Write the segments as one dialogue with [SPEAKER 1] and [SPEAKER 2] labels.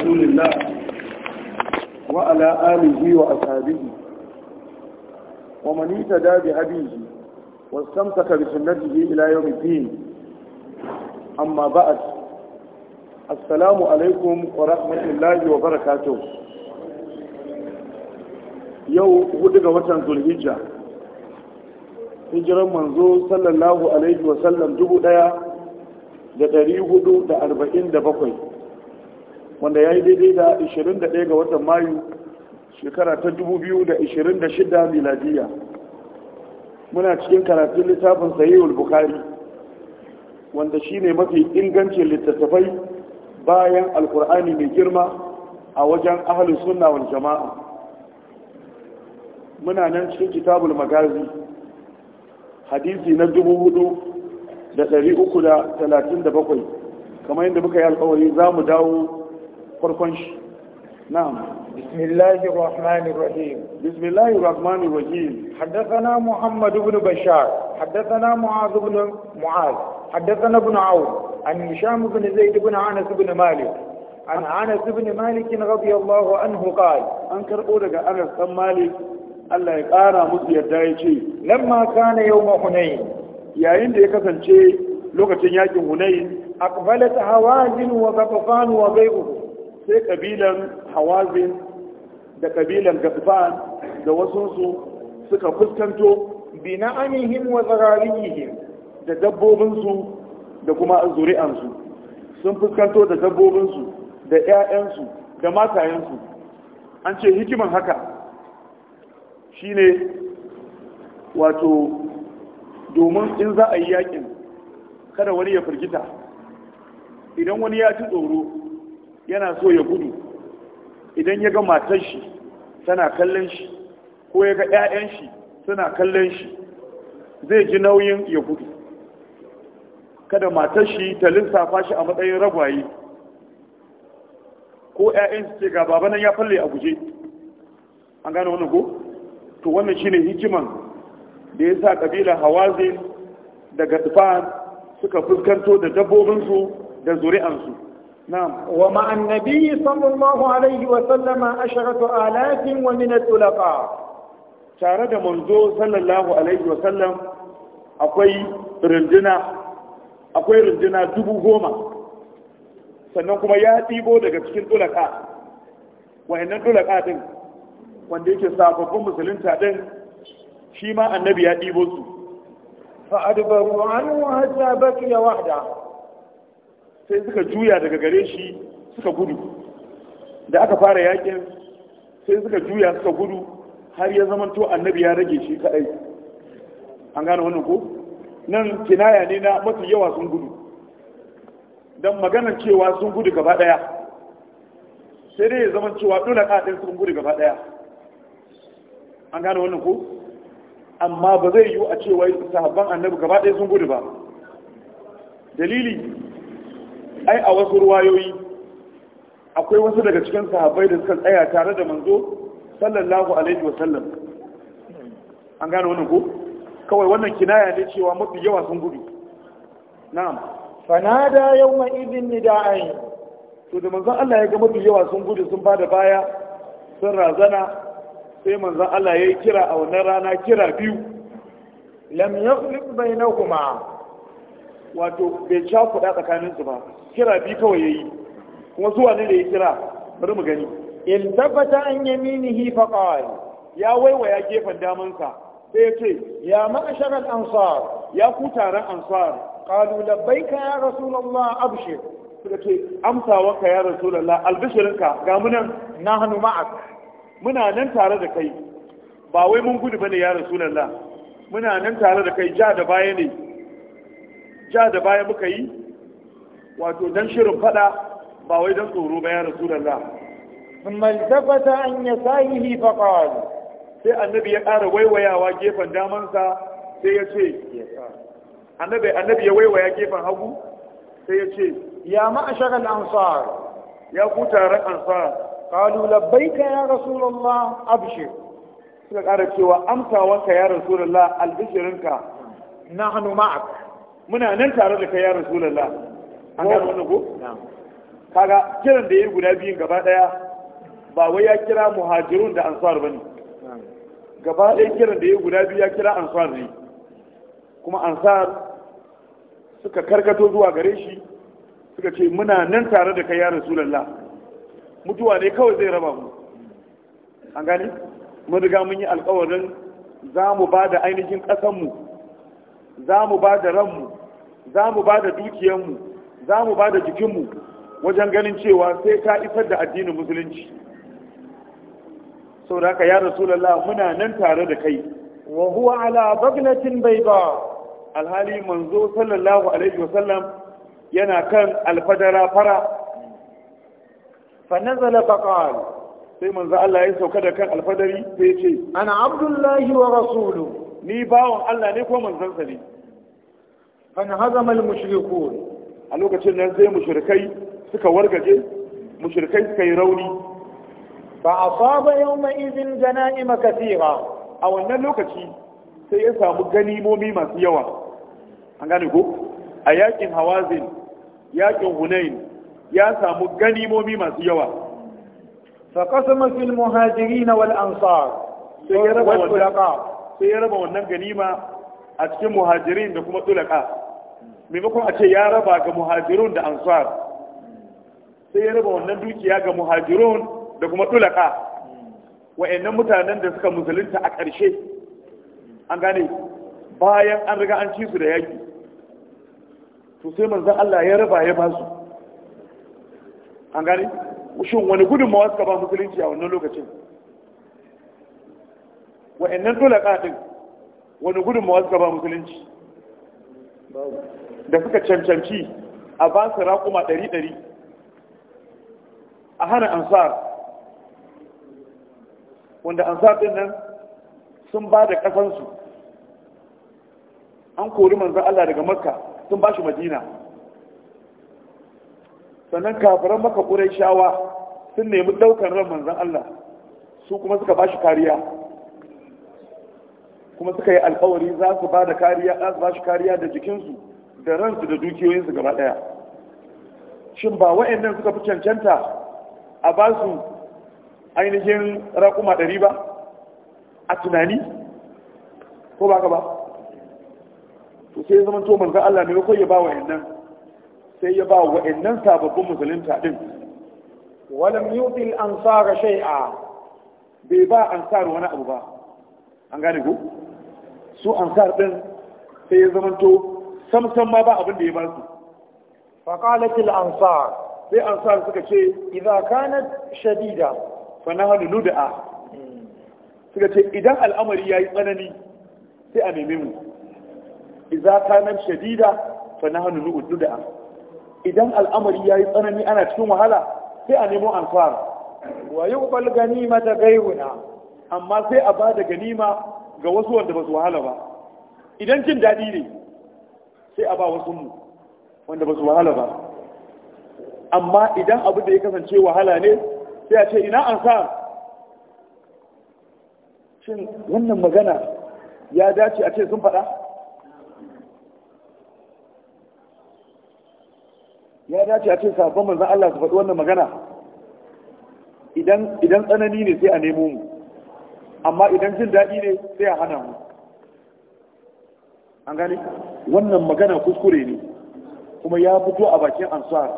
[SPEAKER 1] رسول الله وعلى آله وأصحابه ومن اهتدى بهديه واستمسك بسنته إلى يوم الدين أما بعد السلام عليكم ورحمة الله وبركاته yau hudu ga watan zulhijja hijiran manzo sallallahu alaihi wasallam dubu ɗaya da dari hudu da arba'in da bakwai wanda ya yi daidai da 21 ga watan mayu shekara ta 2026 miladiya muna cikin karatun littafin sahihul bukhari wanda shine mafi ingancin littattafai bayan alkur'ani mai girma a wajen ahalin suna wani jama'a muna nan cikin kitabul magazi hadisi na 4337 kamar yadda muka yi alkawari za mu dawo farkon shi na'am bismillahi rahmani rahim bismillahi rahmani rahim haddathana muhammad ibn bashar haddathana mu'az ibn mu'az haddathana ibn aw an hisham ibn zaid ibn anas ibn malik an anas ibn malik radiyallahu anhu qala an karbo daga anas ibn malik Allah ya kara musu yadda ya ce nan ma na yau ma hunayi yayin da ya kasance lokacin yakin hunayi akbalat hawazin wa qatfan wa bai'uhu sai kabilan hawazin da kabilan gafan da wasunsu suka fuskanto bi na'amihim wa zararihim da dabbobinsu da kuma zuri'ansu sun fuskanto da dabbobinsu da 'ya'yansu da matayensu an ce hikiman haka shine wato domin in za a yi yakin kada wani ya firgita idan wani ya ci tsoro yana so ya gudu idan ya ga matar shi tana kallon shi ko ya ga 'ya'yan shi suna kallon shi zai ji nauyin ya gudu kada matar shi ta lissafa shi a matsayin ragwaye ko 'ya'yan su ga baba nan ya falle a guje an gane wannan ko to wannan shine hikiman da ya sa kabilar hawazin daga tufan suka fuskanto da dabbobinsu da zuri'ansu نعم ومع النبي صلى الله عليه وسلم عشرة آلاف ومن الطلقاء tare da manzo sallallahu alaihi wasallam akwai runduna akwai runduna dubu goma sannan kuma ya ɗibo daga cikin tulaka wayannan tulaka din wanda yake sababbin musulunta din shi ma annabi ya ɗibo su wahda sai suka juya daga gare shi suka gudu da aka fara yakin sai suka juya suka gudu har ya zamanto annabi ya rage shi kadai an gane wannan ko nan kinaya ne na mafi yawa sun gudu don maganar cewa sun gudu gaba daya sai dai ya zama cewa dole kaɗin sun gudu gaba daya an gane wannan ko amma ba zai yiwu a cewa sahabban annabi gaba daya sun gudu ba dalili ai a wasu ruwayoyi akwai wasu daga cikin sahabbai da suka tsaya tare da manzo sallallahu alaihi wa sallam an gane wannan ko kawai wannan kinaya ne cewa mafi yawa sun gudu na'am fanada yawma idin nida'ain to da manzon Allah ya ga mafi yawa sun gudu sun bada baya sun razana sai manzon Allah ya yi kira a wannan rana kira biyu lam yakhliq bainahuma wato bai sha kuɗa tsakanin su ba kira bi kawai yayi kuma zuwa ne da ya kira bari mu gani in tabbata an yaminihi fa qal ya waiwaya gefen daman sa sai ya ce ya ma'ashar al-ansar ya ku taron ansar qalu labbaika ya rasulullah abshir suka ce amsawa ka ya rasulullah albishirinka ga mu nan nahnu ma'ak muna nan tare da kai ba wai mun gudu bane ya rasulullah muna nan tare da kai ja da baya ne ja da baya muka yi wato don shirin fada ba wai don tsoro ba ya rasu rasulullah amma iltafata an sahihi faqal sai annabi ya ƙara waiwayawa gefen damansa sai ya ce annabi ya waiwaya gefen hagu sai ya ce ya ma'ashar al-ansar ya ku taron ansar qalu labbaika ya rasulullah abshir suka ƙara cewa wanka ya rasulullah albishirinka nahnu ma'ak muna nan tare da kai ya rasulullah an gano wannan ko kaga kiran da yayi guda biyun gaba daya ba wai ya kira muhajirun da ansar bane gaba daya kiran da yayi guda biyu ya kira ansar ne kuma ansar suka karkato zuwa gare shi suka ce muna nan tare da kai ya rasulullah mutuwa ne kawai zai raba mu an gani? mun riga mun yi alkawarin za mu ba da ainihin ƙasanmu za mu ba da ranmu za mu ba da dukiyarmu za mu ba da jikinmu wajen ganin cewa sai ka isar da addinin musulunci da haka ya rasulullah muna nan tare da kai wa huwa ala bai ba. alhali manzo sallallahu alaihi wasallam yana kan alfadara fara fa nazala sai manzo Allah ya sauka da kan alfadari sai ya ce ana abdullahi wa rasulu ni bawon Allah ne ko manzon ne fan hazamal mushrikun a lokacin nan sai mushrikai suka wargaje mushrikai suka yi rauni fa asaba yawma idhin ganaima kathira a wannan lokaci sai ya samu ganimomi masu yawa an a yakin hawazin yakin hunain ya samu ganimomi masu yawa fa qasama fil muhajirin sai ya raba wannan ganima a cikin muhajirin da kuma tulaka maimakon a ce ya raba ga muhajirun da ansar sai ya raba wannan dukiya ga muhajirun da kuma tulaka wa'annan mutanen da suka musulunta a ƙarshe an gane bayan an riga an ci su da yaki to sai manzon Allah ya raba ya ba su an gane shin wani gudunmawa suka ba musulunci a wannan lokacin wa'annan tulaka din wani gudunmawa suka ba musulunci da suka cancanci a ba su raƙuma ɗari-ɗari a hana ansar wanda ansar ɗin nan sun ba da ƙasansu an kori manzan Allah daga makka sun ba shi madina sannan kafiran maka ƙurai shawa sun nemi ɗaukar ran manzan Allah su kuma suka ba shi kariya kuma suka yi alkawari za su ba da kariya za su ba shi kariya da jikinsu da ransu da dukiyoyinsu gaba ɗaya shin ba wa'annan suka fi cancanta a ba su ainihin raƙuma ɗari ba a tunani ko ba ka ba to sai zama to manzan Allah ne ko ya ba wa'annan sai ya ba wa'annan sababbin musulunta din walam yudil an tsara shai'a. bai ba an tsara wani abu ba an gane ku su an tsara ɗin sai ya zama to sam ma ba abin da ya ba su faqalatil ansar sai ansar suka ce idza kanat shadida fa nahnu nud'a suka ce idan al'amari yayi tsanani sai a neme mu idza kanat shadida fa nahnu nud'a idan al'amari yayi tsanani ana cikin wahala sai a nemo ansar wa yuqbal ganima da gairuna amma sai a ba da ganima ga wasu wanda ba su wahala ba idan jin daɗi ne sai a ba wasu mu wanda ba su wahala ba amma idan abin da ya kasance wahala ne sai a ce ina an sa shin wannan magana ya dace a ce sun faɗa ya dace a ce sabon manzan Allah su faɗi wannan magana idan tsanani ne sai a nemo mu amma idan jin daɗi ne sai a hana mu an gane wannan magana kuskure ne kuma ya fito a bakin ansuwar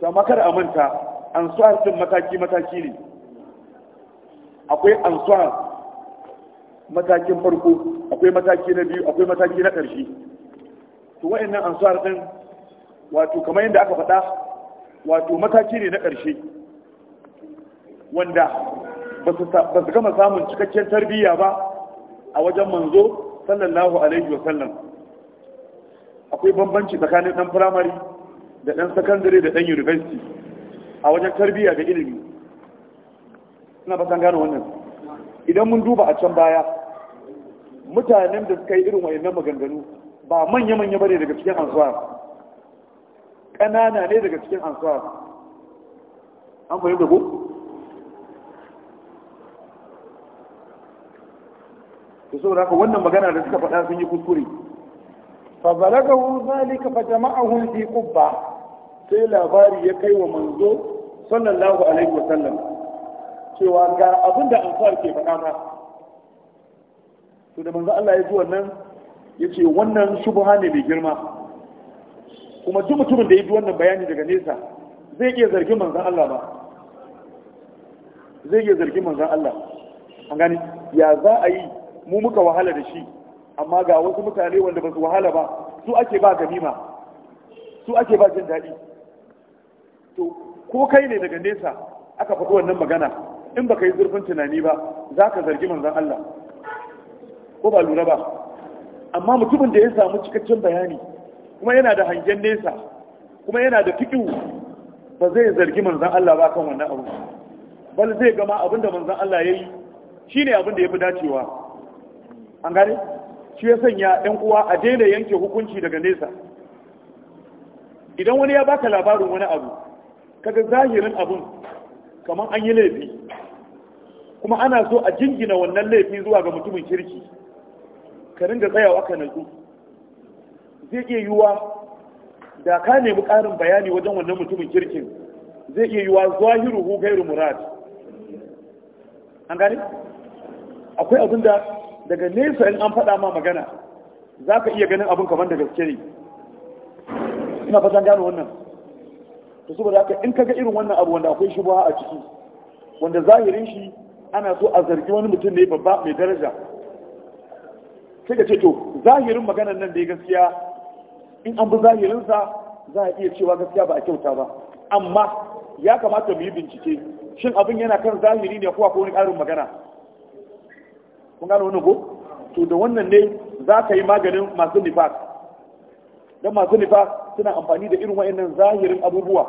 [SPEAKER 1] ta makar a manta ansuwar din mataki-mataki ne akwai ansuwar matakin farko akwai mataki na biyu akwai mataki na ƙarshe to wa'annan ansuwar din wato kamar yadda aka faɗa wato mataki ne na ƙarshe wanda ba su gama samun cikakken tarbiyya ba a wajen manzo sallallahu alaihi wa sallam akwai bambanci tsakanin dan firamare da dan sakandare da dan university a wajen tarbiyya da ilimi ina ba san gano wannan idan mun duba a can baya mutanen da suka yi irin wayannan maganganu ba manya-manya bane daga cikin ansuwar ƙanana ne daga cikin ansuwar an fahimta ko to saboda haka wannan magana da suka faɗa sun yi kuskure fa balagahu zalika fa jama'ahu fi qubba sai labari ya kai wa manzo sallallahu alaihi wa sallam cewa ga abinda ansar ke faɗa ma to da manzo Allah ya ji wannan yace wannan shubha ne mai girma kuma duk mutumin da ya bi wannan bayani daga nesa zai iya zargin manzan Allah ba zai iya zargin manzan Allah an gani ya za a yi mu muka wahala da shi amma ga wasu mutane wanda ba su wahala ba su ake ba ganima su ake ba jin daɗi to ko kai ne daga nesa aka faɗi wannan magana in baka yi zurfin tunani ba za ka zargi manzan Allah ko ba lura ba amma mutumin da ya samu cikakken bayani kuma yana da hangen nesa kuma yana da fiƙiwu ba zai zargi manzan Allah ba kan wannan abu bal zai gama abin da manzan Allah ya yi shi ne abin da ya fi dacewa an gane shi ya sanya yan uwa a daina yanke hukunci daga nesa idan wani ya baka labarin wani abu kaga zahirin abun kamar an yi laifi kuma ana so a jingina wannan laifi zuwa ga mutumin kirki ka ringa tsayawa ka natsu zai iya yiwuwa da ka nemi ƙarin bayani wajen wannan mutumin kirkin zai iya yiwuwa zahiru hu gairu murad an gane akwai abin da daga nesa in an faɗa ma magana za ka iya ganin abin kamar da gaske ne ina fatan gano wannan to saboda haka in ga irin wannan abu wanda akwai shubha a ciki wanda zahirin shi ana so a zargi wani mutum ne babba mai daraja sai ka ce to zahirin maganar nan da ya gaskiya in an bi zahirinsa za a iya cewa gaskiya ba a kyauta ba amma ya kamata mu yi bincike shin abin yana kan zahiri ne ko akwai wani ƙarin magana kun gano wani ko to da wannan ne za ka yi maganin masu nifas don masu nifas suna amfani da irin wa'annan zahirin abubuwa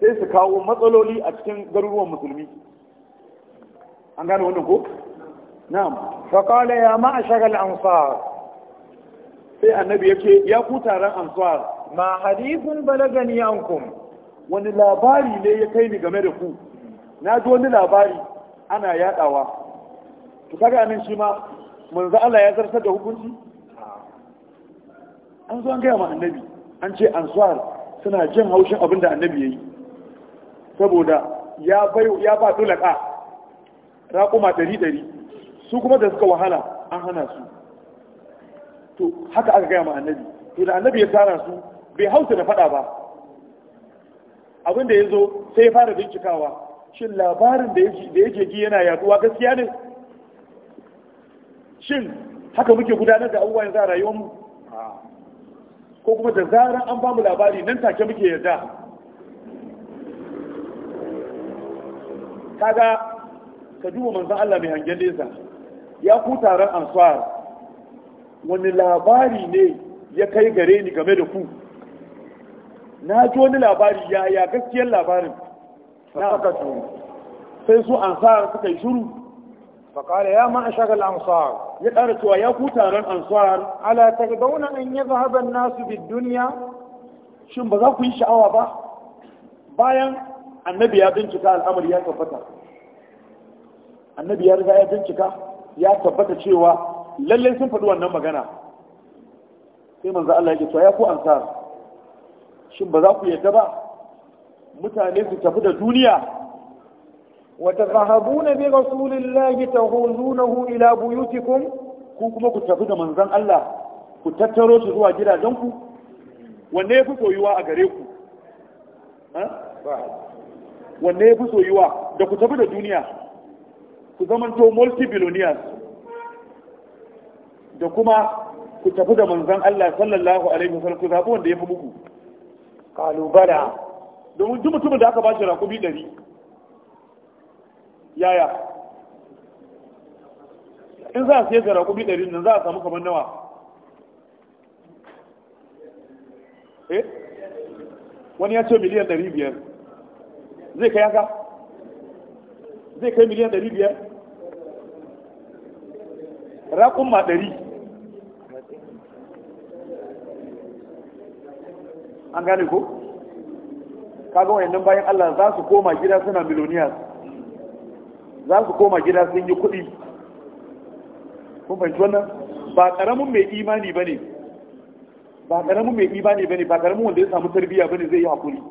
[SPEAKER 1] sai su kawo matsaloli a cikin garuruwan musulmi an gano wannan ko na'am faqala ya ma'ashara al-ansar sai annabi yake ya ku taron ansar ma hadithun balagani ankum wani labari ne ya kai ni game da ku na ji wani labari ana yadawa ku ta gani shi ma manzo Allah ya zartar da hukunci an zo an gaya ma annabi an ce ansar suna jin haushin abinda annabi ya yi saboda ya bai ya ba raƙuma dari-dari, su kuma da suka wahala an hana su to haka aka gaya ma annabi to da annabi ya tara su bai hausa da faɗa ba Abinda da ya zo sai ya fara bincikawa shin labarin da ya ji yana yaduwa gaskiya ne shin haka muke gudanar da abubuwa yanzu a rayuwarmu ko kuma da zarar an bamu labari nan take muke yarda kaga ka duba manzon Allah mai hangen nesa ya ku taron ansar wani labari ne ya kai gare ni game da ku na ji wani labari ya ya gaskiyar labarin na sai su ansar suka yi shuru faƙare ya ma'ashagal ansar ya ƙara cewa ya ku taron ansuwar ala wani an yi an nasu bi duniya. shin ba za ku yi sha'awa ba bayan annabi ya bincika al'amari ya tabbata annabi ya riga ya bincika ya tabbata cewa lallai sun faɗi wannan magana sai manzo Allah yake cewa ya ku ansar shin ba za ku yadda ba mutane su tafi da duniya وتذهبون برسول الله تغوزونه إلى بيوتكم كوكما كتبت من ذن الله كتتروا شزوا جدا جنكو ونيفو سويوا أغريكو ها؟ ونيفو سويوا da ku tafi da duniya ku zamanto multi-billionaires da kuma ku tafi da manzan Allah sallallahu alaihi wasallam ku zaɓi wanda ya fi muku kalubala domin duk mutumin da aka bashi shi rakumi ɗari yaya in za a siya da raƙumi ɗari nan za a samu kamar nawa eh wani ya ce miliyan ɗari biyar zai kai haka zai kai miliyan ɗari biyar ma ɗari an gane ko kaga wayannan bayan Allah za su koma gida suna miloniyas za su koma gida sun yi kuɗi kun fahimci wannan ba ƙaramin mai imani ba ne ba ƙaramin mai imani ba ne ba ƙaramin wanda ya samu tarbiyya ba ne zai yi haƙuri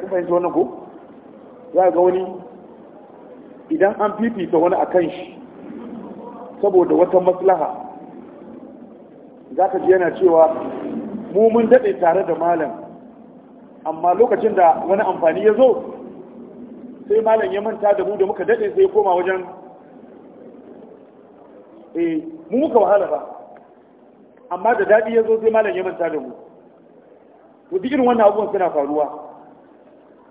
[SPEAKER 1] kun fahimci wannan ko za ga wani idan an fifita wani a kan shi saboda wata maslaha za ka ji yana cewa mu mun daɗe tare da malam amma lokacin da wani amfani ya zo sai malam ya manta da mu da muka dade sai ya koma wajen eh mu muka wahala ba amma da dadi ya zo sai malam ya manta da mu to duk irin wannan abubuwan suna faruwa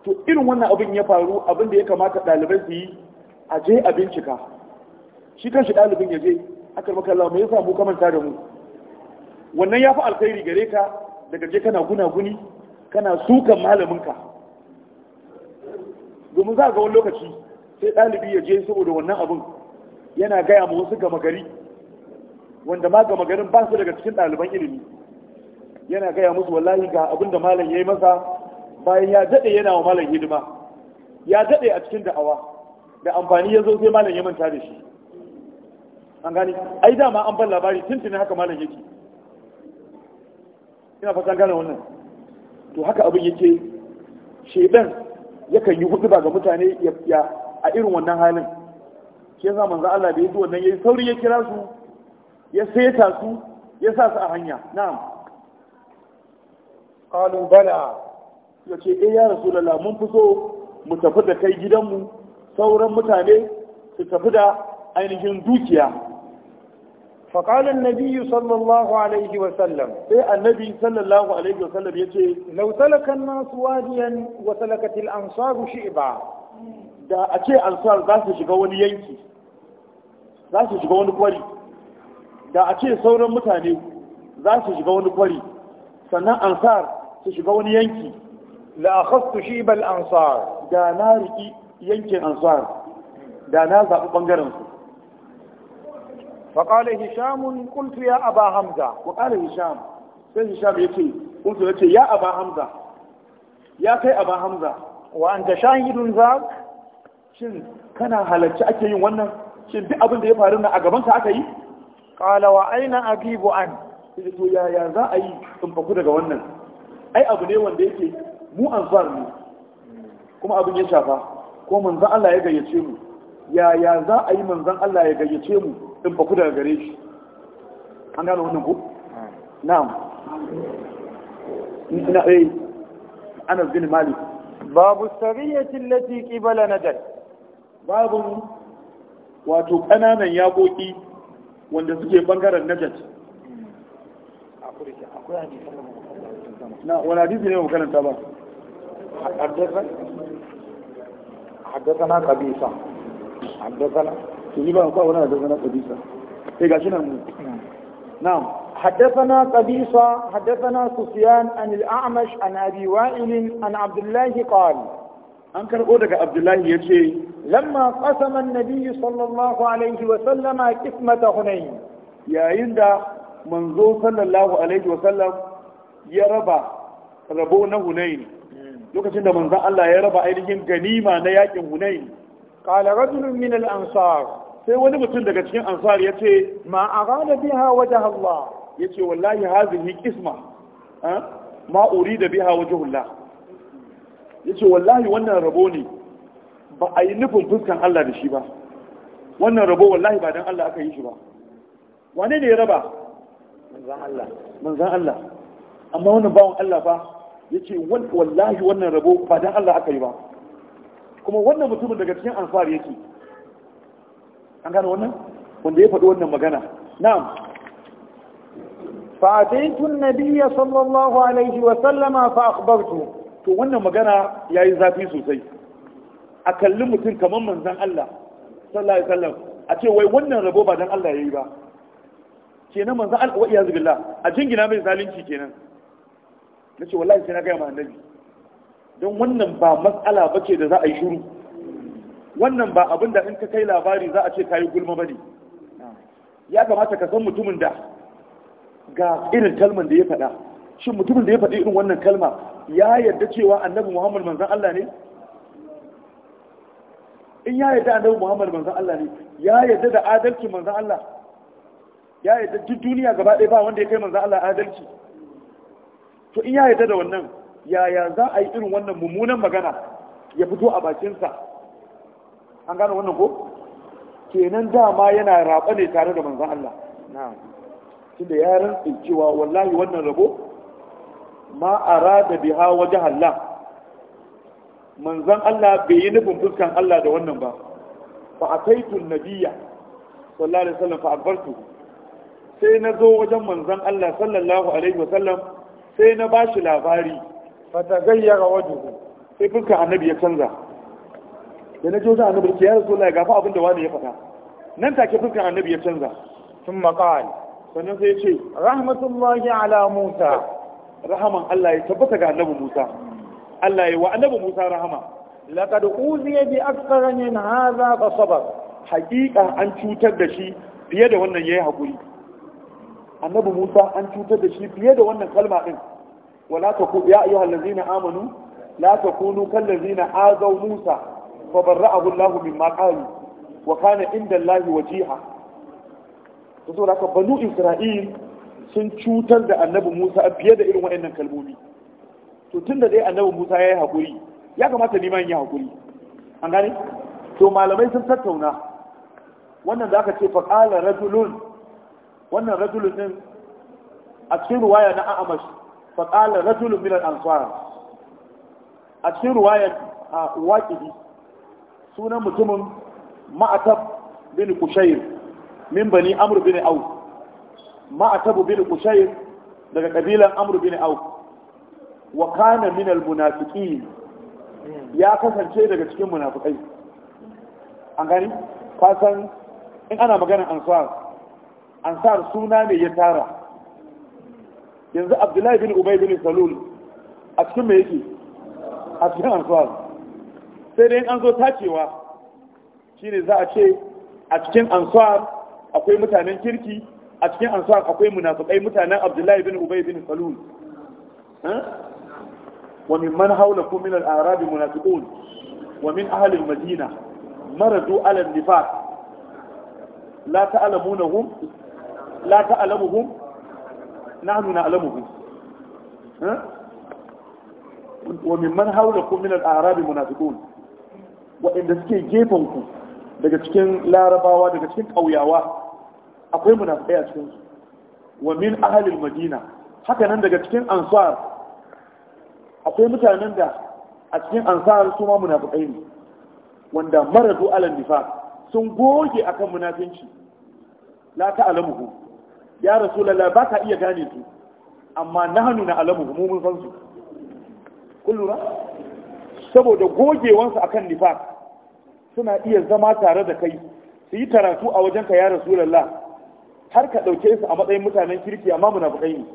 [SPEAKER 1] to irin wannan abin ya faru abin da ya kamata ɗalibai su yi a je a bincika shi kan shi ɗalibin ya je aka maka Allah mai yasa mu ka manta da mu wannan ya fi alkhairi gare ka daga je kana guna guni kana sukan malaminka domin za ga wani lokaci sai ɗalibi ya je saboda wannan abin yana gaya ma wasu gama gari wanda ma gama garin ba su daga cikin ɗaliban ilimi yana gaya musu wallahi ga abin da malam ya yi masa bayan ya daɗe yana wa malam hidima ya daɗe a cikin da'awa da amfani ya zo sai malam ya manta da shi an gani ai dama an ban labari tuntuni haka malam yake ina fasa gane wannan to haka abin yake shedan yakan yi hudu ga mutane ya a irin wannan halin shi yasa manzo Allah da yaji wannan yayi sauri ya kira su ya saita su ya sa su a hanya na'am qalu bala yace eh ya rasulullah mun fi so mu tafi da kai gidan mu sauran mutane su tafi da ainihin dukiya فقال النبي صلى الله عليه وسلم إيه النبي صلى الله عليه وسلم يتي لو سلك الناس واديا وسلكت الأنصار شئبا da a ce ansar za su shiga wani yanki za su shiga wani kwari da a ce sauran mutane za su shiga wani kwari sannan ansar su shiga wani yanki la akhastu shibal ansa da na riki yankin ansar da na zaɓi ɓangaren Waƙala Hishamun Kuntu ya Aba Hamza. Waƙala Hishamun Kuntu zace ya kai a Ba Hamza. Wa'anta shanidin za? Shin ka na halarci ake yin wannan? Shin bi abinda ya faru a gaban ka aka yi? Ƙalawa aina a Kivu An. Yaya za a yi tsumfaku daga wannan? Ai abu ne wanda yake mu amfani. Kuma abin ya shafa. Ko man Allah ya gayyace mu? Yaya za a yi Allah ya gayyace mu? sun faku daga gare shi an gano wannan ku? na'am ina ɗaya eh, ana zini mali babu lati na babu wato ƙananan yaƙoƙi wanda suke bangaren najat
[SPEAKER 2] wani hadisi ne makaranta ba حدثنا
[SPEAKER 1] حدثنا قبيصة حدثنا to ni ba ba wani da zana kabisa sai gashi nan mu na'am حدثنا قبيصة حدثنا سفيان عن الأعمش عن أبي وائل عن عبد الله قال أنكر أودك عبد الله يجي لما قسم النبي صلى الله عليه وسلم قسمة هنين يا عند منظور صلى الله عليه وسلم يا ربا ربونا هنين lokacin da manzon Allah ya raba ainihin ganima na yakin Hunain qala rajulun min al-ansar sai wani mutum daga cikin ansar ya ce ma a arada biha wajh Allah ya ce wallahi hazihi qisma ma urida biha wajhullah ya ce wallahi wannan rabo ne ba a yi nufin fuskan Allah da shi ba wannan rabo wallahi ba dan Allah aka yi shi ba wane ne ya raba manzan Allah Allah amma wannan bawon Allah ba ce wallahi wannan rabo ba dan Allah aka yi ba kuma wannan mutumin daga cikin ansar yake an gane wannan wanda ya faɗi wannan magana na'am فأتيت sallallahu alaihi wa sallama وسلم فأخبرته to wannan magana yayi zafi sosai a kalli mutum kamar manzon Allah sallallahu alaihi wasallam a ce wai wannan rabo ba dan Allah yayi ba kenan manzon Allah wa iyaz billah a jingina mai zalunci kenan nace wallahi sai na ga ma annabi don wannan ba matsala bace da za a yi shiru wannan ba abin da in ka kai labari za a ce yi gulma ba ne ya kamata ka san mutumin da
[SPEAKER 2] ga irin
[SPEAKER 1] kalman da ya faɗa shin mutumin da ya faɗi irin wannan kalma ya yarda cewa annabi muhammad manzan allah ne in ya yarda annabi muhammad manzan allah ne ya yarda da adalci manzan allah ya yarda duk duniya gaba ɗaya ba wanda ya kai manzan allah adalci to in ya yarda da wannan yaya za a yi irin wannan mummunan magana ya fito a bakinsa an gano wannan ko kenan dama yana raba ne tare da manzan Allah na'am tunda ya rantsi cewa wallahi wannan rabo ma arada biha waje Allah Manzan Allah bai yi nufin fuskan Allah da wannan ba fa ataitu Nabiya sallallahu alaihi wasallam fa abartu sai na zo wajen manzan Allah sallallahu alaihi wasallam sai na bashi labari fa tagayyara wajhu sai fuskan annabi ya canza da na jojo annabi ke ya rasulullah gafa abin da wani ya faɗa nan take fuskar annabi ya canza sun maƙal sannan sai ya ce rahmatullahi ala musa rahaman allah ya tabbata ga annabi musa allah ya wa annabi musa rahama laqad uziya bi akthara min hadha fa sabar haqiqa an cutar da shi fiye da wannan yayi hakuri annabi musa an cutar da shi fiye da wannan kalma din wala ta ku ya ayyuhallazina amanu la takunu kallazina azaw musa fa barra'ahu Allah mimma qalu wa kana inda Allah wajiha to saboda haka banu Isra'il sun cutar da annabi Musa fiye da irin waɗannan kalmomi to tunda dai annabi Musa ya yi hakuri ya kamata ni ma in yi hakuri an gane to malamai sun tattauna wannan da aka ce fa qala rajulun wannan rajulun din a cikin ruwaya na Amash fa qala rajulun min al-ansar a cikin ruwayar waƙidi sunan mutumin ma'atab bin kushair min bani amr bin au ma'atab bin kushair daga kabilan amr bin au wa kana min al munafiqin ya kasance daga cikin munafikai an gani kasan in ana magana ansar ansar suna ne ya tara yanzu abdullahi bin ubay bin salul a cikin me yake a cikin ansar sai dai an zo tacewa shine za a ce a cikin ansuwar akwai mutanen kirki a cikin ansuwar akwai munafukai mutanen abdullahi bin ubay bin salul wa min man ku min al'arabi munafukun wa min ahalin madina mara zo an nifa la ta'lamunahum la ta'lamuhum nahnu na'lamuhum wa min man ku min al'arabi munafukun waɗanda suke gefenku daga cikin larabawa daga cikin ƙauyawa akwai munafikai a cikin su wa min ahalil madina haka nan daga cikin ansar akwai mutanen da a cikin ansar su ma munafikai ne wanda maradu alal nifa sun goge akan munafinci la alamuhu ya rasulullah ba ka iya gane su amma nahnu na alamu mu mun san su kullu saboda gogewansu akan nifaq suna iya zama tare da kai su yi karatu a wajenka ya lalla, har ka ɗauke su a matsayin mutanen kirki amma muna bukai ne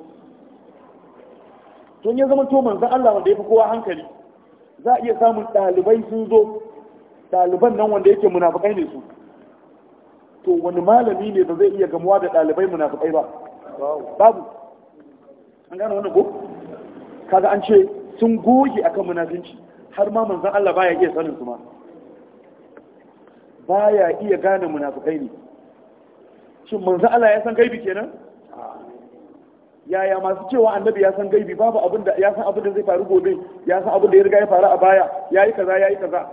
[SPEAKER 1] tun ya zama to zan Allah wanda ya fi kowa hankali za a iya samun ɗalibai sun zo ɗaliban nan wanda yake munafukai ne su to wani malami ne da zai iya gamuwa da ɗalibai munafukai ba babu an gane wani ko kaga an ce sun goge akan munafinci har ma manzan Allah baya iya sanin su ma baya iya gane munafukai ne shin manzan Allah ya san gaibi kenan yaya masu cewa annabi ya san gaibi babu abin da ya san abin da zai faru gobe ya san abin da ya riga ya faru a baya yayi kaza yayi kaza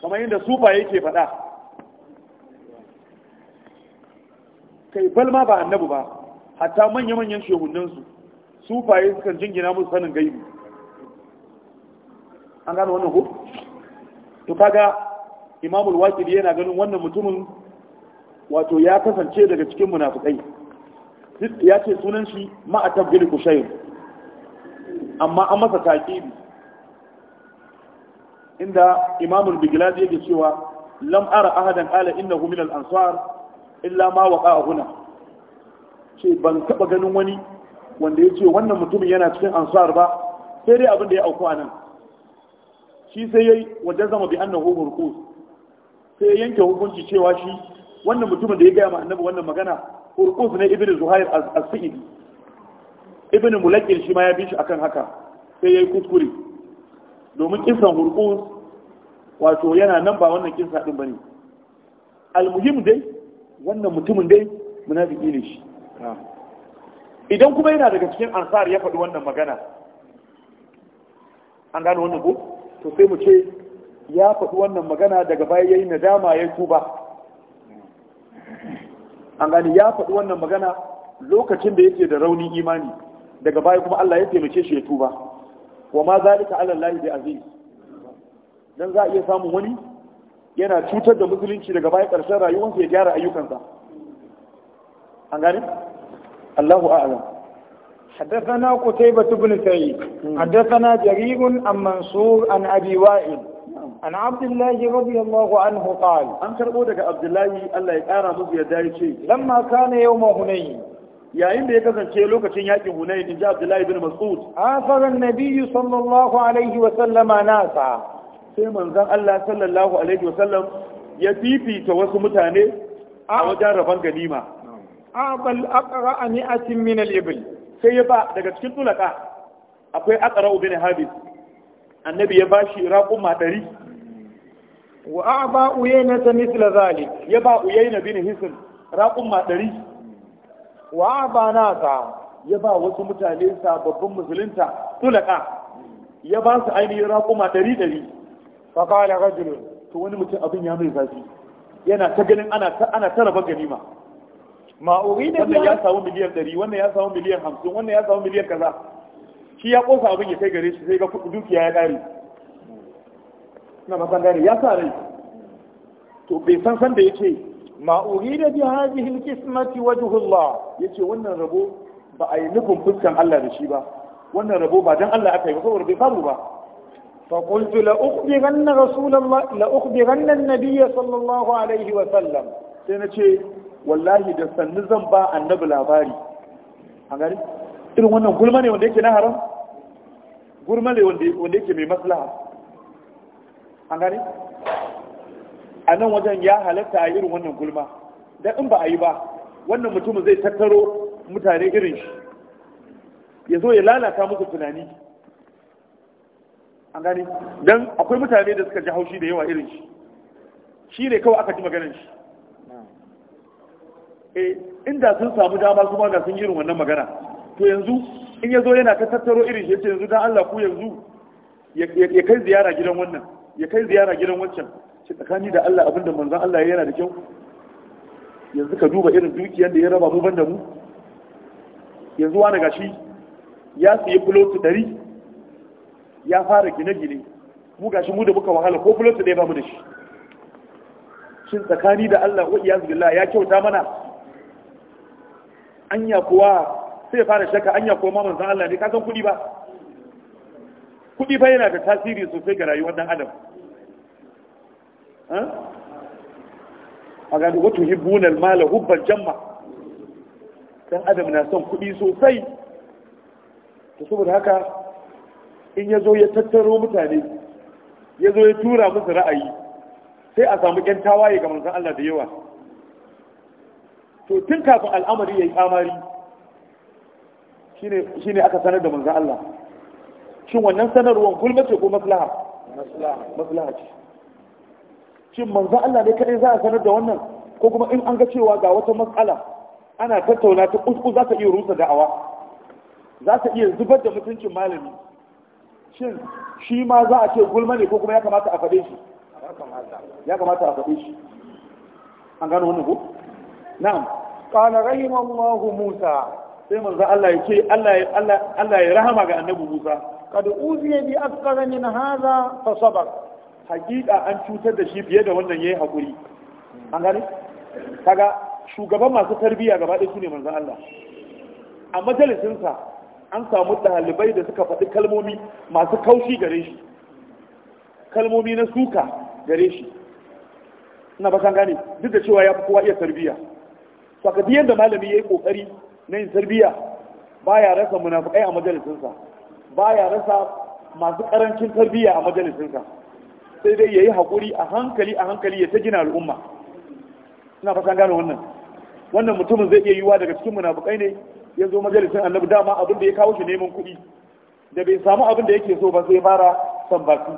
[SPEAKER 1] kamar yadda ba yake faɗa kai balma ba annabi ba hatta manya-manyan shehunan su sufaye sukan jingina musu sanin gaibi an gano wannan ko to kaga imamul waqidi yana ganin wannan mutumin wato ya kasance daga cikin munafikai ya ce sunan shi ma'atab bil kushayr amma an masa taqibi inda imamul bigiladi yake cewa lam ara ahadan qala innahu min al-ansar illa ma waqa'a huna ce ban taba ganin wani wanda ya ce wannan mutumin yana cikin ansar ba sai dai abin da ya auku anan shi sai yayi wajen zama bi annahu murkus sai yanke hukunci cewa shi wannan mutumin da ya gaya ma annabi wannan magana hurkus ne ibnu zuhair as said ibnu mulakil shi ma ya bi shi akan haka sai yayi kuskure domin kisan hurkus wato yana nan ba wannan kisa din bane almuhim dai wannan mutumin dai munafiki ne shi idan kuma yana daga cikin ansar ya faɗi wannan magana an gano wannan ko to sai mu ce ya faɗi wannan magana daga baya yayi nadama ya tuba an gani ya faɗi wannan magana lokacin da yake da rauni imani daga baya kuma Allah ya taimake shi ya tuba wa ma zalika ala Allah bi aziz dan za a iya samun wani yana cutar da musulunci daga baya ƙarshen rayuwarsa ya gyara ayyukansa an gani Allahu a'lam حدثنا قتيبة بن سعيد حدثنا جرير عن منصور عن أبي وائل عن عبد الله رضي الله عنه قال أن كربودك عبد الله الله يقارى مبيا داري لما كان يوم هنين yayin da ya kasance lokacin yakin hunai, in ji Abdullahi bin Mas'ud asaran nabiyyu sallallahu alaihi wa sallama nasa sai manzon Allah sallallahu alaihi wa sallam ya fifita wasu mutane a wajen rabon ganima abal aqra mi'atin sai ya ba daga cikin tulaka akwai aqra ubin habib annabi ya bashi raƙuma ɗari wa aba uyayna ta misla zalik ya ba uyayna bin hisn raƙuma ɗari wa aba nasa ya ba wasu mutane babban musulunta tulaka ya ba su ainihin raquma ɗari 100 fa qala rajul to wani mutum abin ya mai zafi yana ta ganin ana ta ana ta ganima ma urida wannan ya samu miliyan 100 wannan ya samu miliyan 50 wannan ya samu miliyan kaza shi ya kosa abin ya kai gare shi sai ga dukiya ya kare na ba gane ya sa rai to bai san san da yake ma urida bi hadhihi alqismati wajhu Allah yace wannan rabo ba a yi nufin fuskan Allah da shi ba wannan rabo ba dan Allah aka yi ba saboda bai samu ba فقلت لأخبرن رسول الله لأخبرن النبي صلى الله عليه وسلم سنتي wallahi da sannu zan ba annabi labari a gari irin wannan gulma ne wanda yake na haram gulma ne wanda yake mai maslaha a gari a nan wajen ya halatta a irin wannan gulma don in ba a yi ba wannan mutumin zai tattaro mutane irin shi ya zo ya lalata musu tunani a gari don akwai mutane da suka ji haushi da yawa irin shi shi ne kawai aka ji maganin shi Eh, inda sun samu dama su ma sun irin wannan magana to yanzu in ya zo yana ta tattaro irin shi ce yanzu dan Allah ku yanzu ya kai ziyara gidan wannan ya kai ziyara gidan wancan shi tsakani da Allah abinda manzon Allah ya yana da kyau yanzu ka duba irin dukiyar da ya raba mu banda mu yanzu wani gashi ya siye fuloti ɗari ya fara gine-gine mu gashi mu da muka wahala ko fuloti ɗaya ba mu da shi shin tsakani da Allah wa iyazu billah ya kyauta mana anya kuwa sai fara shakka anya kuwa ma manzan Allah ne ka san kuɗi ba kuɗi fa yana da tasiri sosai ga rayuwar dan adam a gani wato hibbunan mala hubbar jamma dan adam na son kuɗi sosai ta saboda haka in ya zo ya tattaro mutane ya zo ya tura musu ra'ayi sai a samu 'yan tawaye ga manzan Allah da yawa to tun kafin al'amari ya yi kamari shi ne aka sanar da manzan Allah shin wannan sanarwar gulma ce ko maslaha maslaha ce shin manzan Allah ne kaɗai za a sanar da wannan ko kuma in an ga cewa ga wata matsala ana tattauna ta kuskus za ta iya rusa da'awa za ta iya zubar da mutuncin malami shin shi ma za a ce gulma ne ko kuma ya kamata a faɗe shi ya kamata a faɗe shi an gano wannan ko na'am qala rahima Allah Musa sai manzo Allah yake Allah Allah Allah ya rahama ga annabi Musa kad uziya bi akthara min hadha fa sabar hakika an cutar da shi fiye da wannan yayi hakuri an gani kaga shugaban masu tarbiyya gaba ɗaya ne manzo Allah a majalisinsa an samu ɗalibai da suka faɗi kalmomi masu kaushi gare shi kalmomi na suka gare shi ina ba gane duk da cewa ya fi kowa iya tarbiyya saka biyan da malami ya yi kokari na yin tarbiyya ya rasa munafukai a majalisinsa ba ya rasa masu karancin tarbiyya a majalisinsa sai dai ya yi haƙuri a hankali a hankali ya ta gina al'umma ina fasa gane wannan wannan mutumin zai iya yiwa daga cikin munafukai ne ya zo majalisin annabi dama abin da ya kawo shi neman kuɗi da bai samu abin da yake so ba sai fara sambaki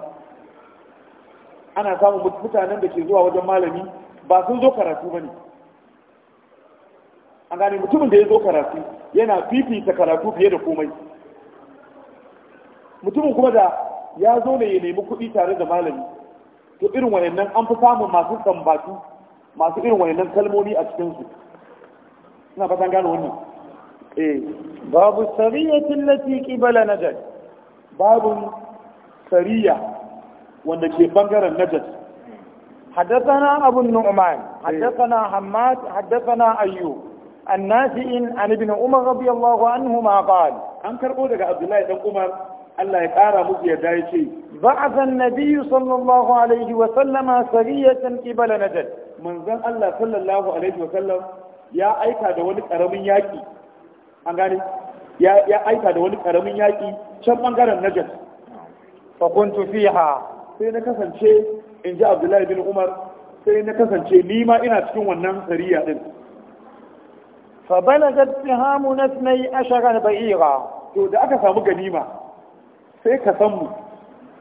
[SPEAKER 1] ana samun mutanen da ke zuwa wajen malami ba sun zo karatu ba ne a gane mutumin da ya zo karatu yana fifita karatu fiye da komai mutumin kuma da ya zo ne ya nemi kuɗi tare da malami to irin wayannan an fi samun masu sambatu masu irin wayannan kalmomi a cikinsu suna fatan gane wannan eh babu sariyatin lati kibala najad babu sariya wanda ke bangaren najad حدثنا أبو النعمان حدثنا حماد حدثنا أيوب النافع عن ابن عمر رضي الله عنهما قال أن كربودك عبد الله بن عمر Allah ya ƙara musu yadda ya ce, Ba'azan Nabiyu sallallahu Alaihi wasallama sariyatan ƙibala Najd. Manzon Allah sallallahu Alaihi wasallam ya aika da wani ƙaramin yaƙi, an gane, ya aika da wani ƙaramin yaƙi can ɓangaren Najd. Fakuntu fiha. Sai na kasance, in ji Abdullahi bin Umar, sai na kasance ni ma ina cikin wannan sariya ɗin. fa da sihamu na sinai ashara ba'ira to da aka samu ganima sai ka san mu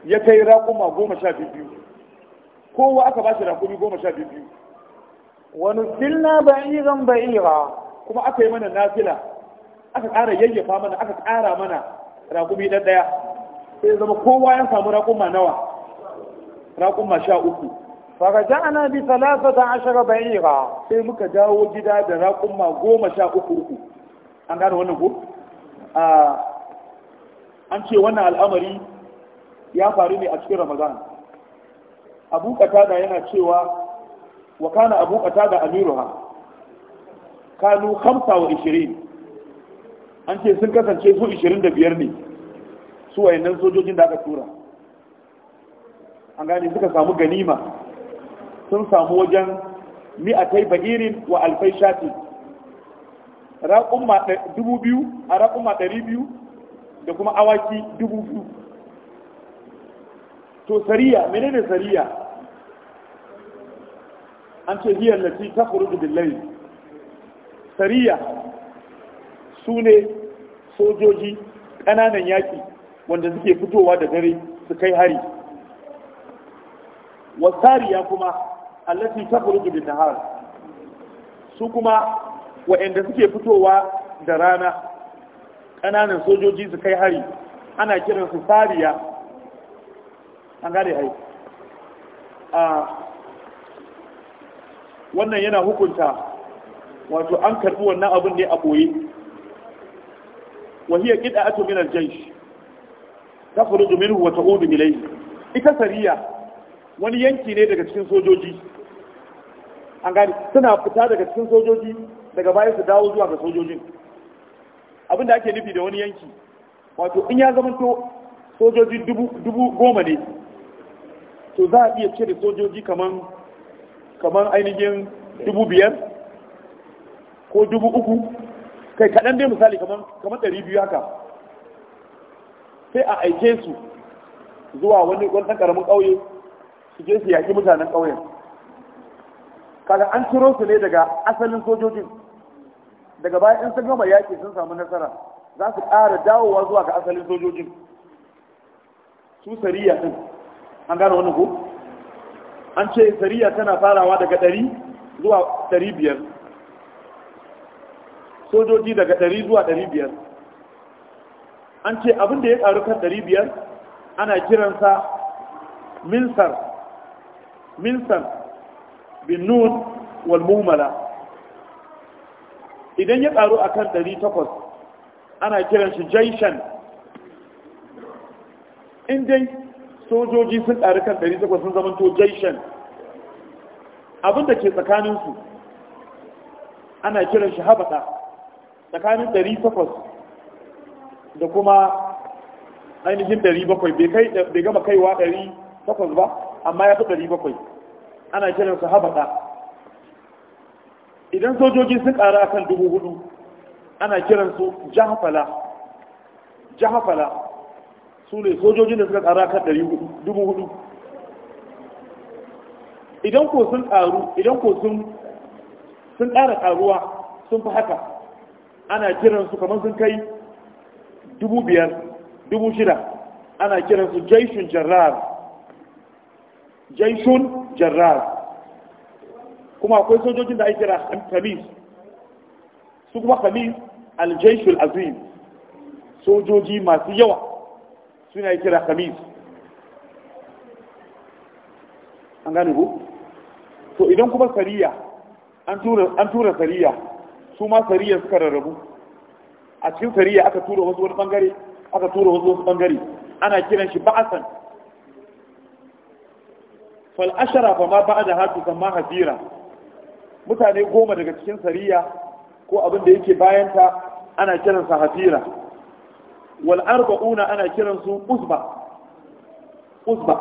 [SPEAKER 1] ya kai raƙuma goma sha biyu kowa aka ba shi raƙumi goma sha biyu wani filna ba'iran ba'ira kuma aka yi mana nafila aka ƙara yayyafa mana aka ƙara mana raƙumi ɗan ɗaya sai zama kowa ya samu raƙuma nawa raƙuma sha uku faraja'ana bi salasata ashara ba'ira sai muka dawo gida da raƙumma goma sha uku uku an gane wannan ko an ce wannan al'amari ya faru ne a cikin ramadan abu qatada yana cewa wa kana abu qatada amiruha kanu 25 an ce sun kasance su 25 ne su wayannan sojojin da aka tura an gane suka samu ganima sun samu wajen mi'atai ba'irin wa alfai shati raƙumma dubu biyu a raƙumma ɗari biyu da kuma awaki dubu biyu to sariya menene sariya an ce hiyar lati ta da sariya su ne sojoji ƙananan yaƙi wanda suke fitowa da dare su kai hari wasariya kuma allati takhruju bi nahar su kuma wa'anda suke fitowa da rana ƙananan sojoji su kai hari ana kiran su sariya an gane a wannan yana hukunta wato an karɓi wannan abin ne a boye wa hiya ato min al ta furu minhu wa ta'udu ilayhi ita sariya wani yanki ne daga cikin sojoji an gani suna fita daga cikin sojoji daga bayan su dawo zuwa ga sojojin abinda ake nufi da wani yanki wato in ya zama to sojoji dubu goma ne to za a iya cire sojoji kaman ainihin dubu biyar ko dubu uku kai kaɗan dai misali kaman ɗari biyu haka sai a aike su zuwa wani ɗan ƙaramin ƙauye su je su yaki mutanen ƙauyen kaga an ciro su ne daga asalin sojojin daga baya in sun gama yaƙi sun samu nasara za su ƙara dawowa zuwa ga asalin sojojin su sariya ɗin an gane wani ko an ce sariya tana farawa daga ɗari zuwa ɗari biyar sojoji daga ɗari zuwa ɗari biyar an ce abin da ya ƙaru kan ɗari biyar ana kiransa minsar minsar bin nun wal mumala idan ya karu akan 800 ana kiran shi jaishan in dai sojoji sun karu kan 800 sun zama to jaishan da ke tsakaninsu ana kiran shi habata tsakanin 800 da kuma ainihin 700 bai gama kaiwa 800 ba amma ya fi ana kiransu habaka idan sojoji sun ƙara akan dubu hudu ana kiransu jahafala jahafala su ne sojojin da suka ƙara akan dubu hudu idan ko sun ƙaru idan ko sun ƙara ƙaruwa sun fi haka ana kiransu kamar sun kai dubu biyar dubu shida ana kiransu jaishun jarrar jaishun jarrar kuma akwai sojojin da ake kira khamis su kuma khamis aljaishul azim sojoji masu yawa suna kira khamis an gane ku to idan kuma sariya an tura sariya su ma sariya suka rarrabu a cikin sariya aka tura wasu wani bangare aka tura wasu wasu bangare ana kiran shi ba'asan fal ashara fa ma ba'da hatu kama hazira mutane goma daga cikin sariya ko abin da yake bayanta ana kiransa hazira wal arba'una ana kiransu uzba uzba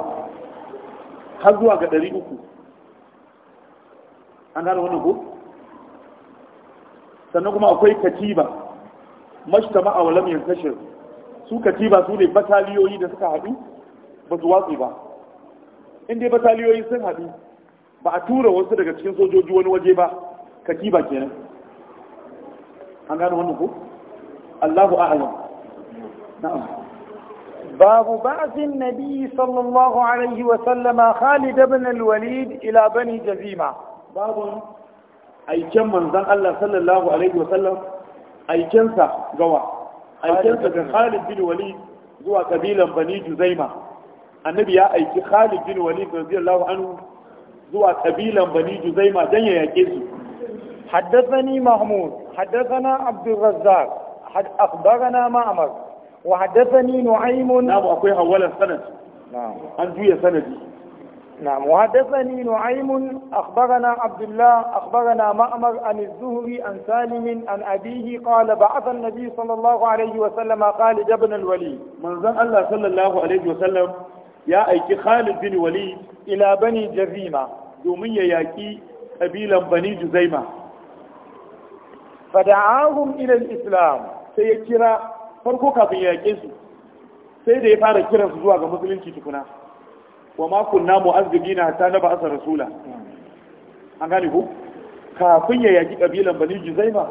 [SPEAKER 1] har zuwa ga ɗari uku an gane wannan ko sannan kuma akwai katiba mashtama a walam yankashir su katiba su ne bataliyoyi da suka haɗu ba su watsu ba Inda bataliyoyin sun haɗu ba a tura wasu daga cikin sojoji wani waje ba katiba kenan an gano wannan ku? Allahu a'lam na'am babu ba'sin nabi sallallahu alaihi wa sallama Khalid ibn al-Walid ila bani Jazima babu aiken manzan Allah sallallahu alaihi wa aikensa gawa aikensa ga Khalid bin Walid zuwa kabilan bani Juzaima annabi ya aiki Khalid bin Walid radiyallahu anhu zuwa kabilan Bani Juzaima dan ya yake su haddathani Mahmud haddathana Abdul Razzaq had akhbarana wa haddathani Nu'aym na ba akwai awwalan sanad an juya sanadi na'am wa haddathani Nu'aym akhbarana Abdullah akhbarana Ma'mar an az an Salim an abihi qala ba'atha an-nabi sallallahu alayhi wa sallam Khalid ibn al manzan Allah sallallahu alayhi wa ya aiki Khalid bin Walid ila bani Jazima domin ya yaki kabilan bani Juzaima fada'ahum ila al-islam sai ya kira farko kafin ya yake su sai da ya fara kiran su zuwa ga musulunci tukuna wa ma kunna mu'azzibina hatta asar rasula an gani ko kafin ya yaki kabilan bani Juzaima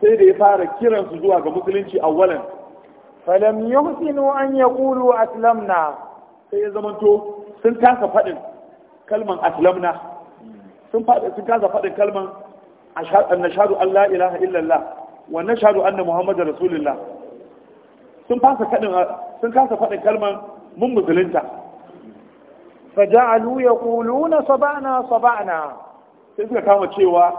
[SPEAKER 1] sai da ya fara kiran su zuwa ga musulunci awwalan falam yuhsinu an yaqulu aslamna sai ya zamanto sun kasa faɗin kalman aslamna sun kasa faɗin kalman nashadu Allah ilaha illallah wa nashadu anna muhammadu rasulullah sun kasa faɗin kalman mun musulunta faja'alu yaquluna saba'na saba'na sai suka kama cewa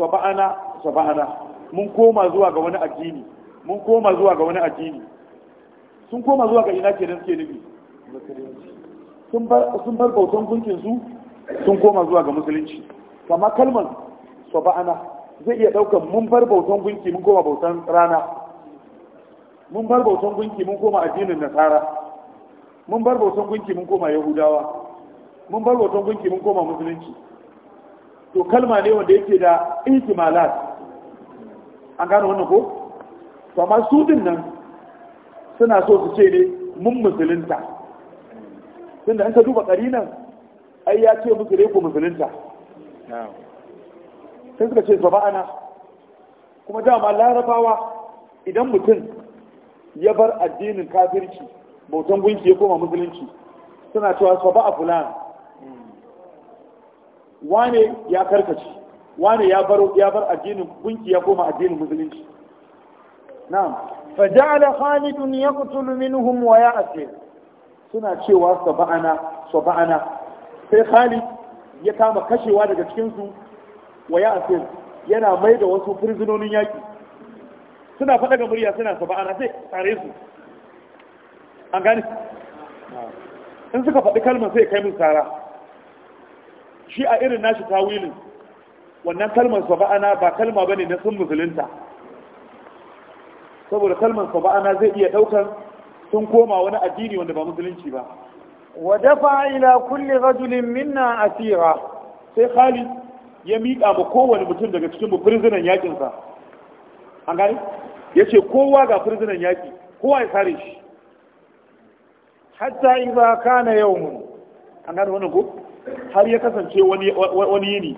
[SPEAKER 1] saba'ana saba'ana mun koma zuwa ga wani addini mun koma zuwa ga wani addini sun koma zuwa ga ina kenan suke nufi sun bar bautan gunkinsu sun koma zuwa ga musulunci kama kalmar saba'ana zai iya ɗaukar mun bar bautan gunki mun koma bautan rana mun bar bautan gunki mun koma addinin nasara mun bar bautan gunki mun koma yahudawa mun bar bautan gunki mun koma musulunci to kalma ne wanda yake da ihtimalat an gano wannan ko to amma su din nan suna so su ce ne mun musulunta tunda an ka duba karinan ai ya ce musu dai ku musulunta sai suka ce zaba ana kuma dama larabawa idan mutum ya bar addinin kafirci bautan gunki ya koma musulunci suna cewa saba a fulan
[SPEAKER 2] hmm.
[SPEAKER 1] wane ya karkace wane ya bar ya bar addinin gunki ya koma addinin musulunci na'am khalidun yaqtulu minhum wa ويأسر suna cewa saba'ana saba'ana sai Khalid ya kama kashewa daga cikinsu wa ya asir yana mai da wasu firzinonin yaki suna faɗa ga murya suna saba'ana sai tsare su an gani in suka faɗi kalmar sai kai min tsara shi a irin nashi tawilin wannan kalmar saba'ana ba kalma ba ne na sun musulunta saboda kalmar saba'ana zai iya ɗaukar sun koma wani addini wanda ba musulunci ba wa dafa ila kulli rajulin minna asira sai Khalid ya miƙa ma kowane mutum daga cikin mu prisoner yakin sa an gani yace kowa ga prisoner yaki kowa ya sare shi hatta idza kana yawmun an gani wannan ko har ya kasance wani wani yini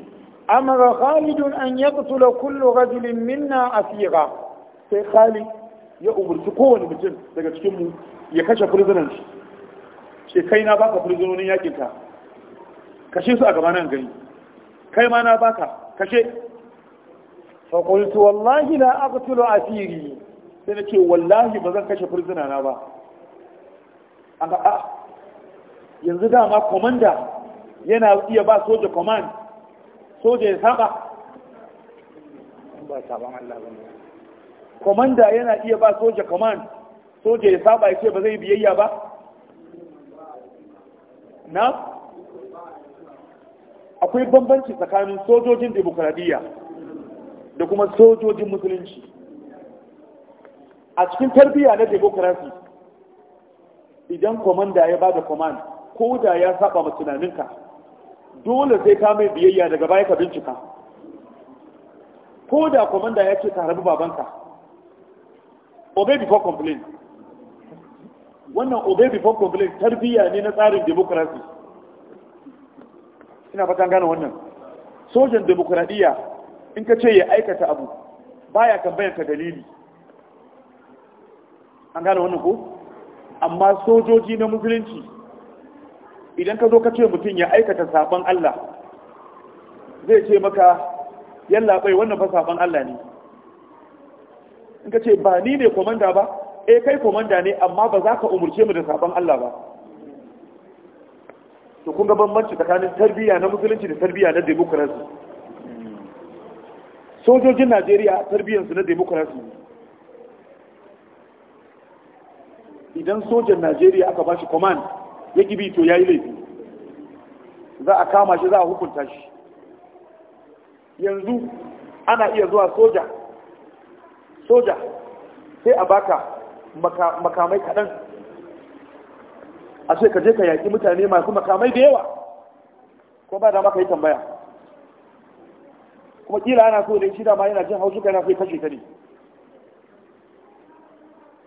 [SPEAKER 1] amma Khalid an yaqtula kullu rajulin minna asira sai Khalid ya umarci kowane mutum daga cikinmu ya kashe firzinan shi ce kai na baka firzinonin ka kashe su a gaba nan gani kai ma na baka kashe faƙultu wallahi na aqtulu asiri sai na ce wallahi ba zan kashe firzinana na ba an ga a ah, yanzu dama komanda yana iya ba soja command soja ya saba
[SPEAKER 2] ba saban Allah ba ne
[SPEAKER 1] komanda yana iya ba soja command soja ya saba ya ce ba zai biyayya ba na akwai bambanci tsakanin sojojin demokradiyya da kuma sojojin musulunci a cikin tarbiyya na demokrasi idan komanda ya ba da command ko da ya saba ma tunaninka dole sai ka mai biyayya daga baya ka bincika ko da komanda ya ce ka harbi babanka obey before complain wannan obey before complain tarbiyya ne na tsarin demokrasi ina fatan gane wannan sojan demokradiyya in ka ce ya aikata abu baya tambayar ka dalili an gane wannan ko amma sojoji na musulunci idan ka zo ka ce mutum ya aikata sabon Allah zai ce maka yalla bai wannan fa sabon Allah ne in ka ce ba ni ne komanda ba e kai komanda ne amma ba za ka umurce mu da sabon Allah ba to kun ga bambanci tsakanin tarbiyya na musulunci da tarbiyya na demokrasi sojojin Najeriya tarbiyyarsu na demokrasi idan sojan Najeriya aka ba shi command ya gibi to yayi laifi za a kama shi za a hukunta shi yanzu ana iya zuwa soja soja sai a baka makamai kaɗan a ce ka je ka yaƙi mutane masu makamai da yawa ko ba da maka yi tambaya kuma kila ana so da shi dama yana jin haushi kana sai kashe ka ne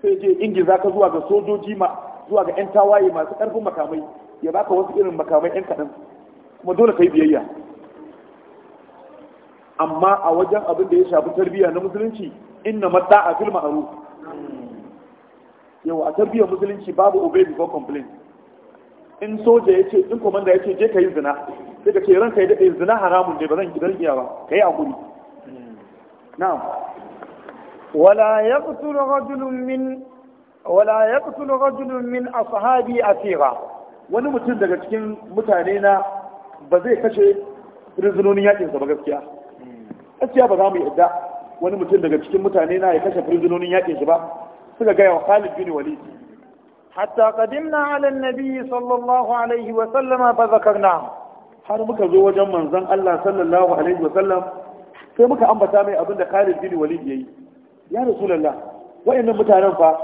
[SPEAKER 1] sai je za ka zuwa ga sojoji ma zuwa ga 'yan tawaye masu ƙarfin makamai ya baka wasu irin makamai 'yan kaɗan kuma dole ka yi biyayya amma a wajen abin da ya shafi tarbiyya na musulunci inna madda a fil ma'ruf yau a tarbiyyar musulunci babu obey before complaint. in soja ya ce in komanda ya ce je ka yi zina sai ka ce ka yi daɗe zina haramun ne ba zan gidan iya ba ka yi hakuri na'am wala yaqtulu rajulun min wala yaqtulu rajulun min ashabi asira wani mutum daga cikin mutane na ba zai kashe rizinonin yakin sa ba gaskiya gaskiya ba za mu yadda wani mutum daga cikin mutane na ya kashe firzinonin yakin shi ba suka gaya wa Khalid bin Walid hatta qadimna ala nabi sallallahu alaihi wa sallama fa zakarna har muka zo wajen manzon Allah sallallahu alaihi wa sallam sai muka ambata mai abinda Khalid bin Walid yayi ya rasulullah wayannan mutanen fa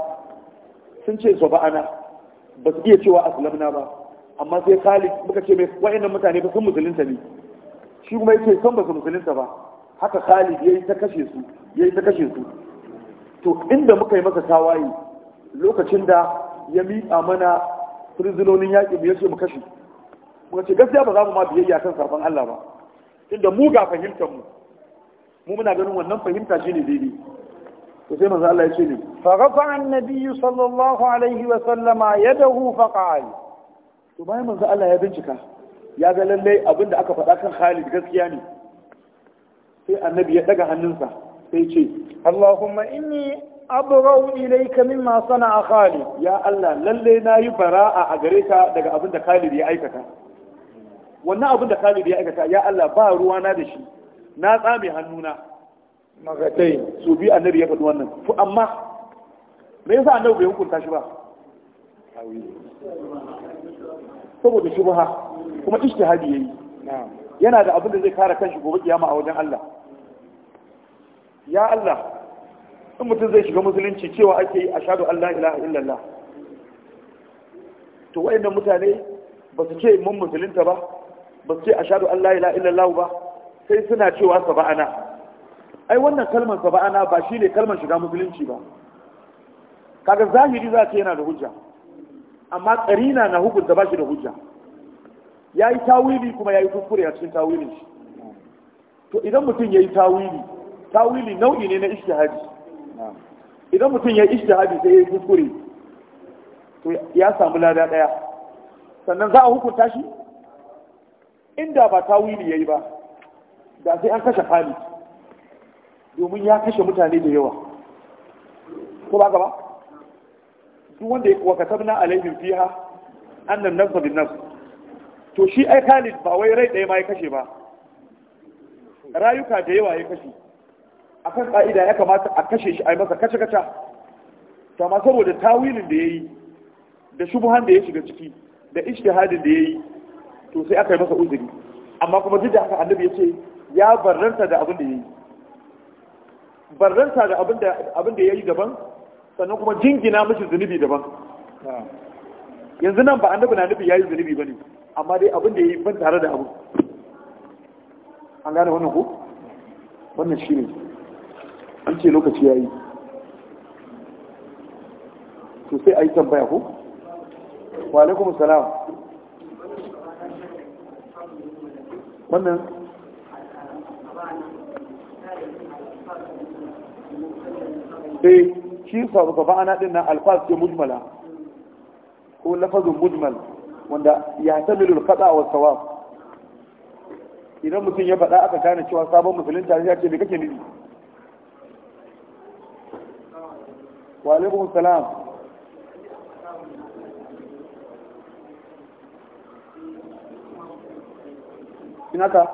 [SPEAKER 1] sun ce so Ana, ba su iya cewa aslamna ba amma sai Khalid muka ce mai wayannan mutane ba sun musulunta ne shi kuma yace san ba su musulunta ba haka khalid yayi ta kashe su yayi ta kashe su to inda muka yi masa tawayi lokacin da ya miƙa mana prisonin yaƙi mu yace mu kashe mu ce gaskiya ba za mu ma biyayya kan sarfan Allah ba tunda mu ga fahimtar mu mu muna ganin wannan fahimta shine daidai to sai manzo Allah ya ce ne fa rafa annabi sallallahu alaihi wa sallama yadahu fa qala to bayan manzo Allah ya bincika ya ga lalle abinda aka faɗa kan Khalid gaskiya ne sai annabi ya daga hannunsa sai ce Allahumma inni abrau ilayka mimma sana'a Khalid ya Allah lalle yi bara'a a gare ka daga abin da Khalid ya aikata wannan abin da Khalid ya aikata ya Allah ba ruwa na da shi na tsame hannuna magatai su bi annabi ya faɗi wannan to amma me yasa annabi bai hukunta shi ba saboda shubha kuma ijtihadi yayi yana da abin da zai kare kanshi gobe kiyama a wajen Allah ya Allah in mutum zai shiga musulunci cewa ake yi shaɗu Allah ilaha illallah to wayannan mutane ba su ce mun musulunta ba ba su ce shaɗu Allah ilaha illallah ba sai suna cewa saba'ana ai wannan kalmar saba'ana ba shi ne kalmar shiga musulunci ba kaga zahiri za ce yana da hujja amma tsarina na hukunta ba shi da hujja ya yi tawili kuma ya yi kuskure a cikin tawilin shi to idan mutum ya yi tawili tawili nau'i ne na ishtihadi idan mutum ya ishtihadi sai ya yi kuskure to ya samu lada daya sannan za a hukunta shi inda ba tawili yayi ba da sai an kashe fali domin ya kashe mutane da yawa ko ba gaba duk wanda ya wakatabna alaihim fiha annan nafsa bin nafs to shi ai Khalid ba wai rai ɗaya ma ya kashe ba rayuka da yawa ya kashe akan ka'ida ya kamata a kashe shi a yi masa kace Ta to amma saboda tawilin da ya yi, da shubuhan da ya shiga ciki da hadin da yi to sai aka yi masa uzuri amma kuma duk da haka annabi ya ce ya barranta da abin da ya yi. barranta da abin da ya yi daban sannan kuma jingina mishi zunubi daban yanzu nan ba annabi na nufi yi zunubi ba ne, amma dai abin da ya yi ban tare da abu an gane wannan ko wannan ne. an ce lokaci ya yi to sai a yi tambaya ko? wa alaikum salam
[SPEAKER 2] wannan sai eh,
[SPEAKER 1] shi sabu ba ana ɗin na alfaz ke mujmala ko lafazin mujmal wanda ya sami al wa sawa idan mutum ya faɗa aka gane cewa sabon musulun tarihi ya ce me kake nufi وعليكم السلام هناك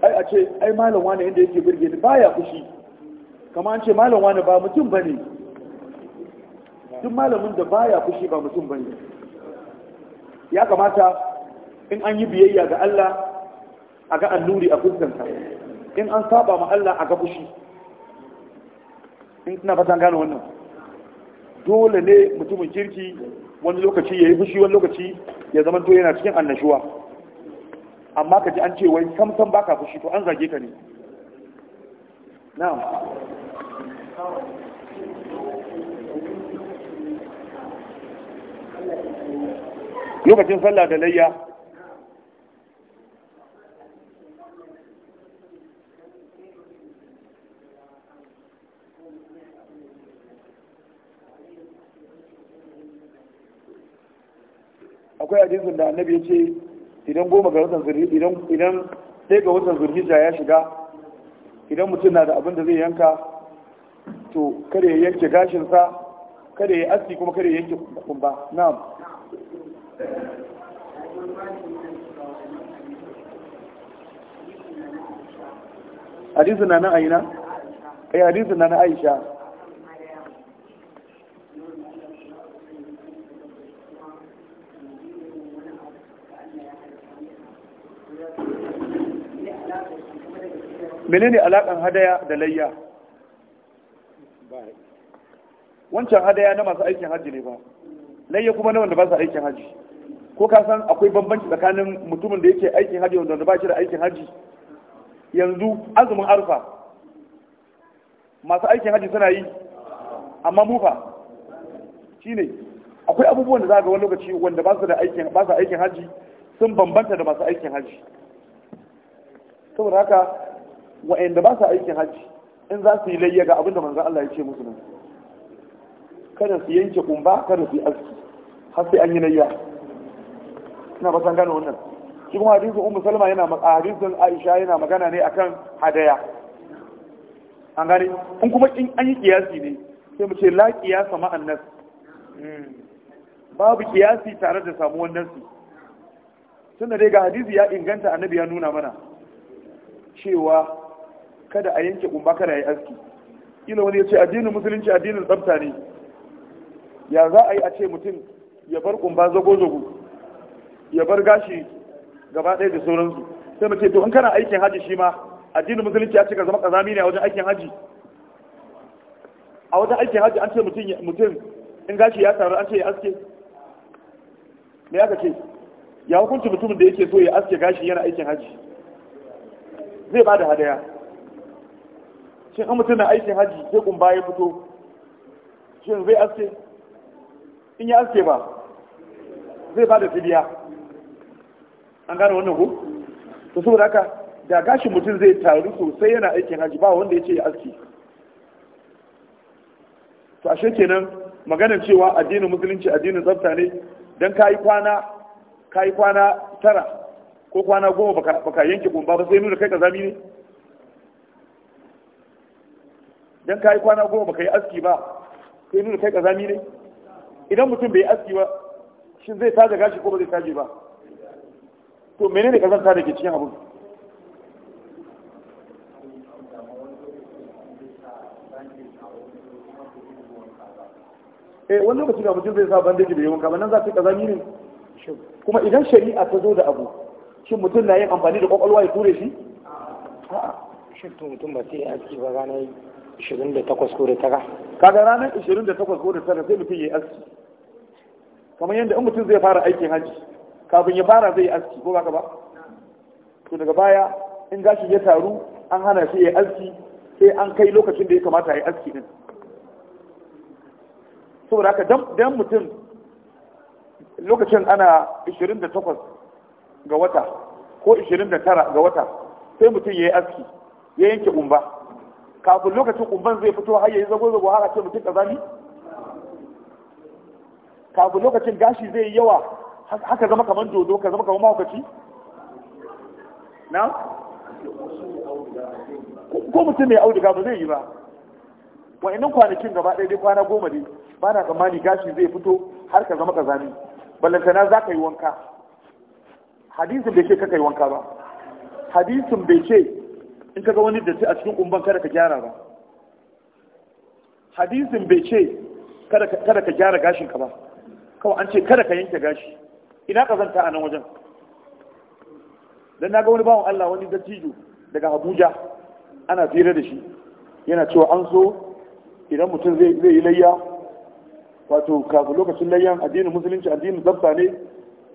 [SPEAKER 1] ai a ce ai malam wani inda yake birge ni baya kushi kama an ce malam wani ba mutum bane
[SPEAKER 2] duk malamin da
[SPEAKER 1] baya kushi ba mutum bane ya kamata in an yi biyayya ga Allah a ga alluri a fuskanta in an saba ma Allah a ga fushi in suna fatan gane wannan dole ne mutumin kirki wani lokaci ya yi fushi wani lokaci ya zama to yana cikin annashuwa amma ka ji an ce wai kamsan baka fushi to an zage ka ne na'am lokacin sallah da layya akwai hadisin da annabi ya ce idan goma ga watan zurhi idan idan sai ga watan zurhijja ya shiga idan mutum na da abin da zai yanka to kada ya yanke gashinsa kada ya aski kuma kada ya yanke kumba na'am
[SPEAKER 2] hadisin na na aina eh hadisin na na aisha menene alakan
[SPEAKER 1] hadaya da layya wancan hadaya na masu aikin hajji ne ba layya kuma na wanda ba su aikin hajji ko ka san akwai bambanci tsakanin mutumin da yake aikin hajji wanda ba shi da aikin hajji yanzu azumin arfa masu aikin hajji suna yi amma mufa shine akwai abubuwan da za ga wani lokaci wanda ba su da aikin ba su aikin hajji sun bambanta da masu aikin hajji saboda haka wa'anda ba su aikin hajji in za su yi layya ga abinda manzan Allah ya ce musu nan kada su yanke kumba kada su yi aski har sai an yi layya ina ba san gane wannan shi kuma hadisin ummu salma yana hadisin aisha yana magana ne akan hadaya an gane in kuma in an yi kiyasi ne sai mu ce la kiyasa ma'an nas babu kiyasi tare da samuwan nasi tunda dai ga hadisi ya inganta annabi ya nuna mana cewa kada a yanke kumba kada ya yi aski Ina wani ya ce addinin musulunci addinin tsabta ne ya za a yi a ce mutum ya bar kumba zago-zago ya bar gashi gaba ɗaya da sauransu sai mace to in kana aikin haji shi ma addinin musulunci ya ce ka zama kazami ne a wajen aikin haji a wajen aikin haji an ce mutum in gashi ya taru an ce ya aske me aka ce ya hukunci mutumin da yake so ya aske gashi yana aikin haji zai ba da hadaya shin in mutum na aikin haji sai kun ya fito shin zai aske in ya aske ba zai ba da fidiya an gane wannan ku to saboda haka da gashin mutum zai taru sosai yana aikin haji ba wanda ya ce ya aske to ashe kenan maganar cewa addinin musulunci addinin tsafta ne dan kayi kwana kayi kwana tara ko kwana goma baka yanke kumba ba sai nuna kai kazami ne ka yi kwana goma baka yi aski ba sai nuna kai kazami ne idan mutum bai aski ba shi zai taje gashi ko ba zai taje ba to menene kazanta da ke cikin abu? eh wani lokaci da mutum zai sa bandeji da yawon wanka nan za su kazami ne kuma idan shari'a ta zo da abu shi mutum na yin amfani da kwakwalwa ya ture shi
[SPEAKER 2] a'a shin mutum ba sai
[SPEAKER 1] aski ba ranar 28 ko da tara kaga ranar 28 ko da tara sai mutum ya yi aski kamar yadda in mutum zai fara aikin hajji kafin ya fara zai yi aski ko baka ba to daga baya in gashi ya taru an hana shi ya yi aski sai an kai lokacin da ya kamata ya yi aski din saboda haka dan mutum lokacin ana 28 ga wata ko 29 ga wata sai mutum ya yi aski ya yanke umba kafin lokacin kumban zai fito har yayi zago zago har a ce mutum kazami kafin lokacin gashi zai yi yawa haka zama kamar dodo ka zama kamar mahaukaci
[SPEAKER 2] na ko mutum
[SPEAKER 1] mai auduga ba zai yi ba Wa inin kwanakin gaba ɗaya dai kwana goma ne ba na tsammani gashi zai fito har ka zama kazami ballantana za ka yi wanka hadisin bai ce ka yi wanka ba hadisin bai ce in ga wani datti a cikin kumban kada ka gyara ba hadisin bai ce kada ka gyara gashinka ba kawai an ce kada ka yanke gashi ina zanta a nan wajen don na ga wani bawan Allah wani dattijo daga Abuja ana fira da shi yana cewa an so idan mutum zai yi layya wato kafin lokacin layyan addinin musulunci addinin zabta ne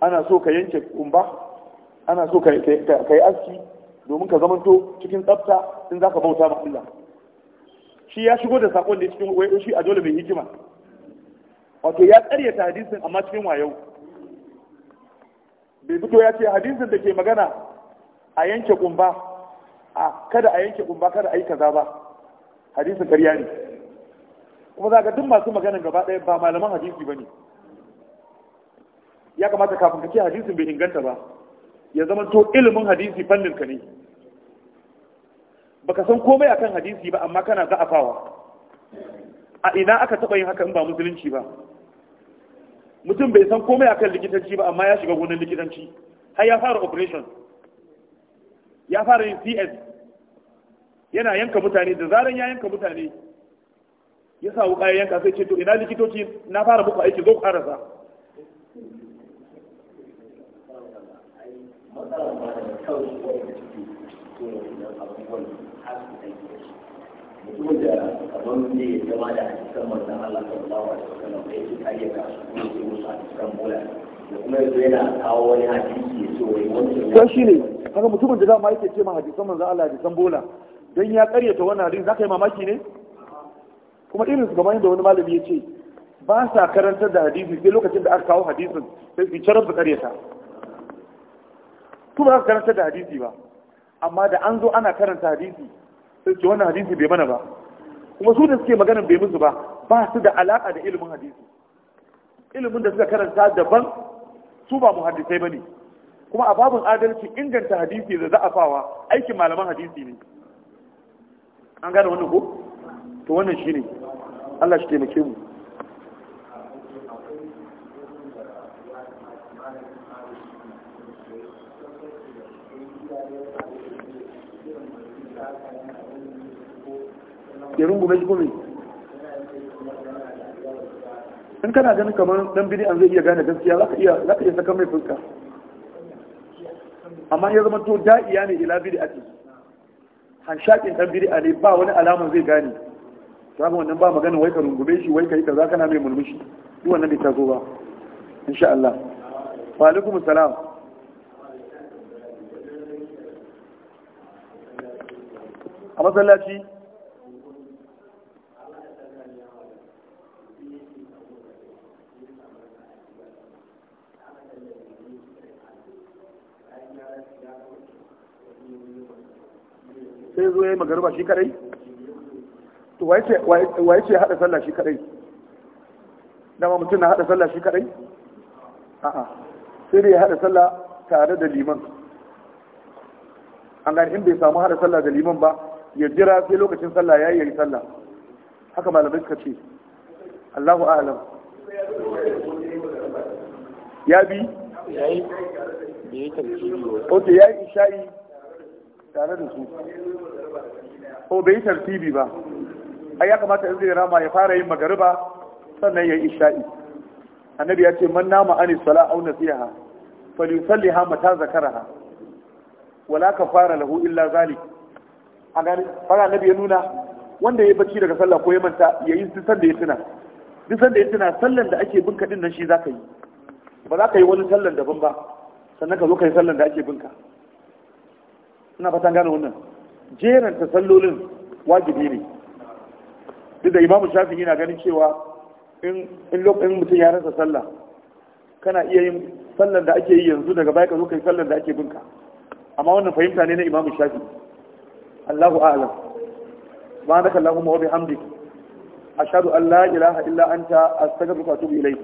[SPEAKER 1] ana so ka yanke kumba ana so ka yi aski domin ka zamanto cikin tsafta in za ka bauta ma Allah shi ya shigo da sakon da cikin wayo shi a dole mai hikima wato ya ta hadisin amma cikin wayo bai fito ya ce hadisin da ke magana a yanke kumba a kada a yanke kumba kada a yi kaza ba hadisin karya ne kuma za ka duk masu magana gaba ɗaya ba malaman hadisi ba ne ya kamata kafin ka ce hadisin bai inganta ba ya zama to ilimin hadisi fannin ka ne baka san komai akan hadisi ba amma kana za a ina aka taba yin haka in ba musulunci ba mutum bai san komai akan likitanci ba amma ya shiga gonan likitanci har ya fara operation ya fara yin cs yana yanka mutane da zaran ya yanka mutane ya sa wuka ya yanka sai ce to ina likitoci na fara muku aiki zo ku karasa
[SPEAKER 2] matsalar ba da kawai da suke so da wannan abubuwan har su kai da shi mutum da kamar ne ya zama da hadisan manzon Allah sallallahu alaihi wasallam da yake kariya ka su kuma sai musu hadisan bola da kuma yanzu yana kawo wani hadisi ya so wai wanda ko shi ne
[SPEAKER 1] kaga mutumin da dama yake ce ma hadisan manzon Allah hadisan bola dan ya karyata wannan hadisi zaka yi mamaki ne kuma irin su kamar da wani malami ya ce ba sa karantar da hadisi sai lokacin da aka kawo hadisin sai su carar su karyata su ba za karanta da hadisi ba amma da an zo ana karanta hadisi sai ce wannan hadisi bai mana ba kuma su da suke magana bai musu ba ba su da alaka da ilimin hadisi ilimin da suka karanta daban su ba muhaddisai bane kuma a babin adalci inganta hadisi da za'afawa aikin malaman hadisi ne an gane wannan ko to wannan shine Allah shi taimake mu
[SPEAKER 2] ya rungume mai gumi in
[SPEAKER 1] kana ganin kamar dan bidi an zai iya gane gaskiya za ka iya za ka iya saka mai fuska amma ya zama to da'iya ne ila bidi ake hanshakin dan bidi ne ba wani alama zai gane za wannan ba maganin wai ka rungume shi wai ka yi kaza kana mai mulmushi duk wannan bai tazo ba insha Allah wa alaikum salam a masallaci magaruba shi kadai to waye ce hada sallah shi kadai dama mutum na hada sallah shi kadai a'a sai dai ya hada sallah tare da liman an gani in bai samu hada sallah da liman ba ya jira sai lokacin sallah ya yi sallah haka malamai suka ce Allahu a'lam ya bi
[SPEAKER 2] ya yi ya yi
[SPEAKER 1] isha'i tare da su ko bai tartibi ba ai ya kamata in zai rama ya fara yin magariba sannan ya isha'i annabi ya ce man nama anis sala aw nasiha falyusalliha mata zakaraha wala kafara lahu illa zalik a gani fara annabi ya nuna wanda ya bacci daga sallah ko ya manta ya yi duk sanda ya tuna duk sanda ya tuna sallan da ake binka din nan shi zaka yi ba za ka yi wani sallan daban ba sannan ka zo ka yi sallan da ake binka ina fatan gane wannan Jeran sallolin wajibi ne duk da imamu shafi yana ganin cewa in lokacin mutum ya rasa sallah kana iya yin sallar da ake yi yanzu daga baya ka zo kai sallar da ake binka amma wannan fahimta ne na imamu shafi Allahu a'lam subhanaka allahumma wa bihamdik ashhadu an la ilaha illa anta astaghfiruka wa atubu ilayk